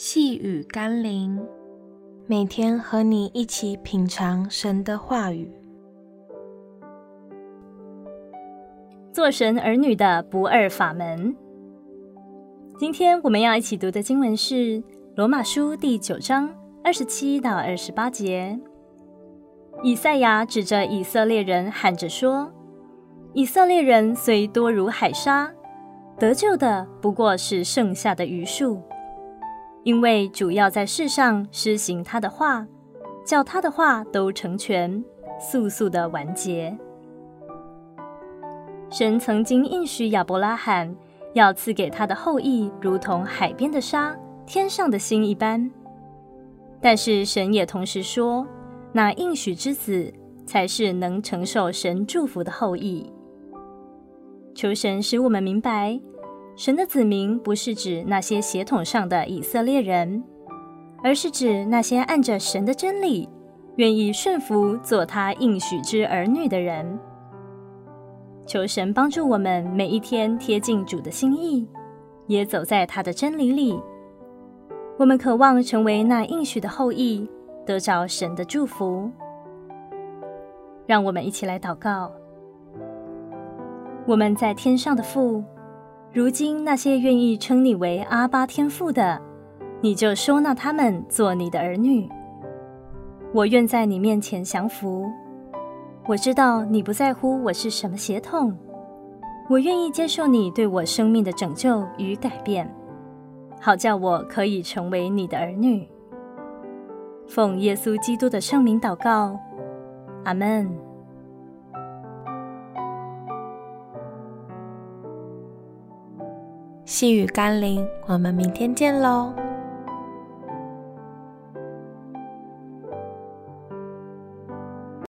細語甘霖，每天和你一起品嘗神的話語，做神兒女的不二法門。今天我們要一起讀的經文是《羅馬書》第九章二十七到二十八節。以賽亞指着以色列人喊着說：“以色列人雖多如海沙，得救的不過是剩下的餘數。”因為主要在世上施行他的話，叫他的話都成全，速速的完結。神曾經應許亞伯拉罕，要賜給他的後裔如同海邊的沙、天上的星一般。但是神也同時說，那應許之子才是能承受神祝福的後裔。求神使我們明白，神的子民不是指那些血統上的以色列人，而是指那些按着神的真理，願意順服做他應許之兒女的人。求神幫助我們每一天貼近主的心意，也走在他的真理裡。我們渴望成為那應許的後裔，得着神的祝福。讓我們一起來禱告。我們在天上的父。如今那些願意稱你為阿爸天父的，你就收納他們做你的兒女。我願在你面前降服。我知道你不在乎我是什麼血統，我願意接受你對我生命的拯救與改變，好叫我可以成為你的兒女。奉耶穌基督的聖名禱告，阿門。細語甘霖，我們明天見嘍。